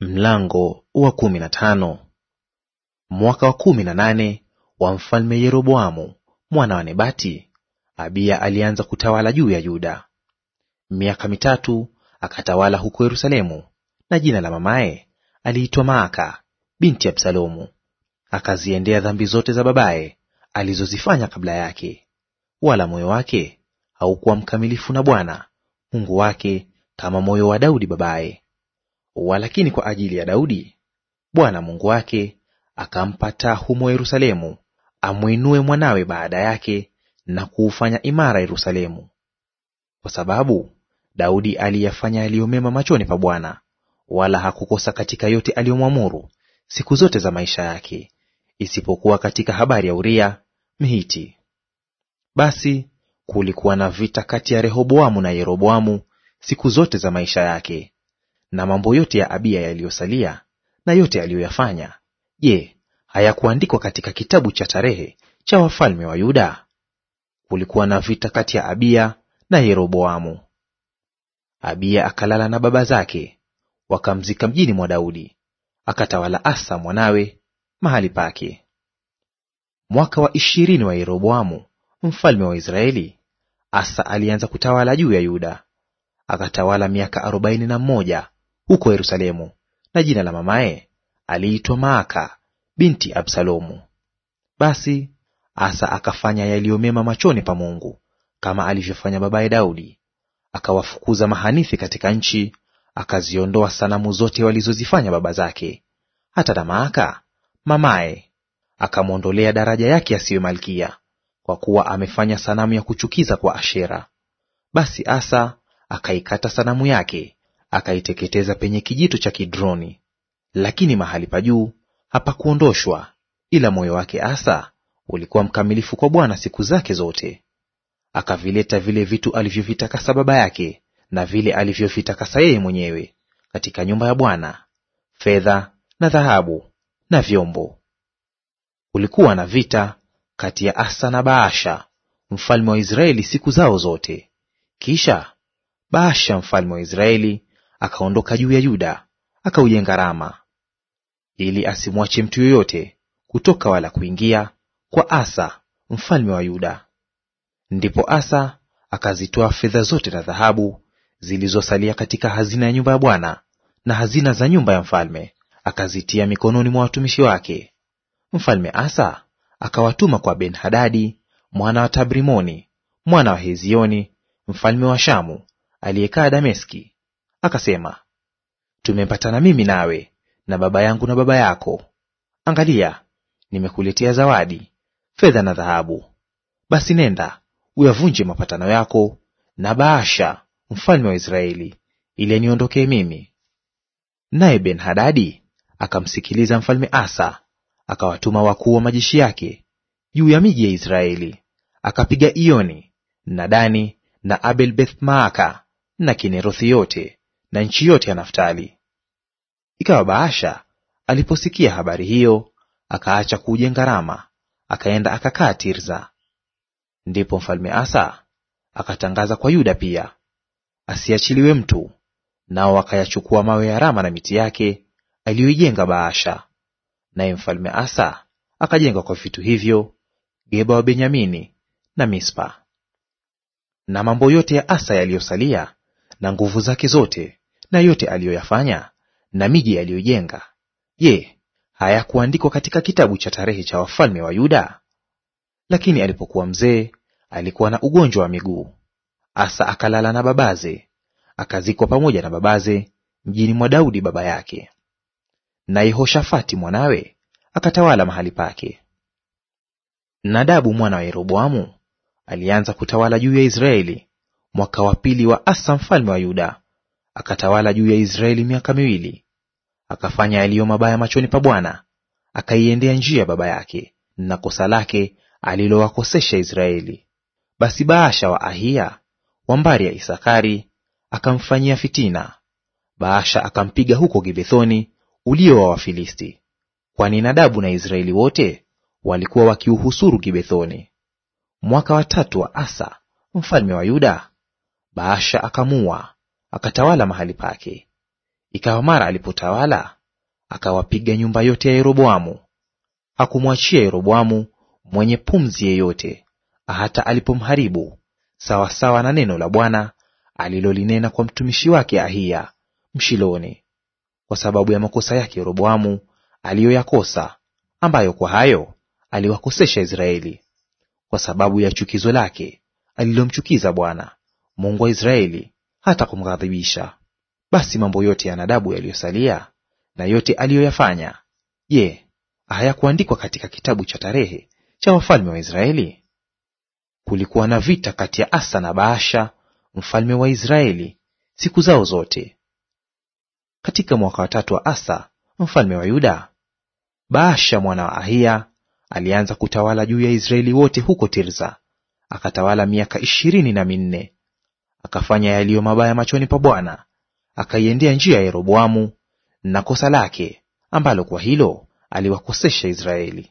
Mlango wa kumi na tano. Mwaka wa kumi na nane wa mfalme Yeroboamu mwana wa Nebati, Abiya alianza kutawala juu ya Yuda. Miaka mitatu akatawala huko Yerusalemu, na jina la mamaye aliitwa Maaka binti ya Absalomu. Akaziendea dhambi zote za babaye alizozifanya kabla yake, wala moyo wake haukuwa mkamilifu na Bwana Mungu wake kama moyo wa Daudi babaye. Walakini kwa ajili ya Daudi Bwana Mungu wake akampa taa humo Yerusalemu, amwinue mwanawe baada yake na kuufanya imara Yerusalemu. Kwa sababu Daudi aliyafanya yaliyo mema machoni pa Bwana, wala hakukosa katika yote aliyomwamuru siku zote za maisha yake, isipokuwa katika habari ya Uria Mhiti. Basi kulikuwa na vita kati ya Rehoboamu na Yeroboamu siku zote za maisha yake. Na mambo yote ya Abiya yaliyosalia na yote aliyoyafanya, je, hayakuandikwa katika kitabu cha tarehe cha wafalme wa Yuda? Kulikuwa na vita kati ya Abiya na Yeroboamu. Abiya akalala na baba zake, wakamzika mjini mwa Daudi, akatawala Asa mwanawe mahali pake. Mwaka wa ishirini wa Yeroboamu mfalme wa Israeli, Asa alianza kutawala juu ya Yuda, akatawala miaka arobaini na mmoja huko Yerusalemu, na jina la mamaye aliitwa Maaka binti Absalomu. Basi Asa akafanya yaliyo mema machoni pa Mungu, kama alivyofanya babaye Daudi. Akawafukuza mahanithi katika nchi, akaziondoa sanamu zote walizozifanya baba zake, hata na Maaka mamaye akamwondolea daraja yake asiwe malkia, kwa kuwa amefanya sanamu ya kuchukiza kwa Ashera. Basi Asa akaikata sanamu yake akaiteketeza penye kijito cha Kidroni, lakini mahali pa juu hapakuondoshwa, ila moyo wake Asa ulikuwa mkamilifu kwa Bwana siku zake zote. Akavileta vile vitu alivyovitakasa baba yake na vile alivyovitakasa yeye mwenyewe katika nyumba ya Bwana, fedha na dhahabu na vyombo. Kulikuwa na vita kati ya Asa na Baasha mfalme wa Israeli siku zao zote. Kisha Baasha mfalme wa Israeli akaondoka juu ya Yuda akaujenga Rama, ili asimwache mtu yoyote kutoka wala kuingia kwa Asa mfalme wa Yuda. Ndipo Asa akazitoa fedha zote na dhahabu zilizosalia katika hazina ya nyumba ya Bwana na hazina za nyumba ya mfalme, akazitia mikononi mwa watumishi wake. Mfalme Asa akawatuma kwa Ben-Hadadi mwana wa Tabrimoni mwana wa Hezioni mfalme wa Shamu aliyekaa Dameski akasema, tumepatana mimi nawe na baba yangu na baba yako. Angalia, nimekuletea zawadi, fedha na dhahabu. Basi nenda uyavunje mapatano yako na Baasha mfalme wa Israeli, ili aniondokee mimi. Naye Ben-Hadadi akamsikiliza mfalme Asa, akawatuma wakuu wa majeshi yake juu ya miji ya Israeli, akapiga Ioni na Dani na Abel Beth Maaka na Kinerothi yote na nchi yote ya Naftali. Ikawa Baasha aliposikia habari hiyo, akaacha kuujenga Rama, akaenda akakaa Tirza. Ndipo mfalme Asa akatangaza kwa Yuda pia asiachiliwe mtu, nao akayachukua mawe ya Rama na miti yake aliyoijenga Baasha. Naye mfalme Asa akajenga kwa vitu hivyo Geba wa Benyamini na Mispa. Na mambo yote ya Asa yaliyosalia na nguvu zake zote na yote aliyoyafanya na miji aliyojenga, je, hayakuandikwa katika kitabu cha tarehe cha wafalme wa Yuda? Lakini alipokuwa mzee, alikuwa na ugonjwa wa miguu. Asa akalala na babaze, akazikwa pamoja na babaze mjini mwa Daudi baba yake. Na Yehoshafati mwanawe akatawala mahali pake. Nadabu mwana wa Yeroboamu alianza kutawala juu ya Israeli mwaka wa pili wa Asa mfalme wa Yuda, akatawala juu ya Israeli miaka miwili. Akafanya yaliyo mabaya machoni pa Bwana, akaiendea njia ya baba yake na kosa lake alilowakosesha Israeli. Basi Baasha wa Ahiya wa mbari ya Isakari akamfanyia fitina. Baasha akampiga huko Gibethoni ulio wa Wafilisti, kwani Nadabu na Israeli wote walikuwa wakiuhusuru Gibethoni. Mwaka wa tatu wa Asa mfalme wa Yuda, Baasha akamua akatawala mahali pake. Ikawa mara alipotawala, akawapiga nyumba yote ya Yeroboamu, hakumwachia Yeroboamu mwenye pumzi yeyote, hata alipomharibu sawasawa na neno la Bwana alilolinena kwa mtumishi wake Ahiya Mshiloni, kwa sababu ya makosa yake Yeroboamu aliyoyakosa, ambayo kwa hayo aliwakosesha Israeli, kwa sababu ya chukizo lake alilomchukiza Bwana Mungu wa Israeli hata kumghadhibisha. Basi mambo yote ya Nadabu yaliyosalia na yote aliyoyafanya, je, hayakuandikwa katika kitabu cha tarehe cha wafalme wa Israeli? Kulikuwa na vita kati ya Asa na Baasha mfalme wa Israeli siku zao zote. Katika mwaka wa tatu wa Asa mfalme wa Yuda, Baasha mwana wa Ahia alianza kutawala juu ya Israeli wote huko Tirza, akatawala miaka ishirini na minne akafanya yaliyo mabaya machoni pa Bwana, akaiendea njia ya Yeroboamu na kosa lake ambalo kwa hilo aliwakosesha Israeli.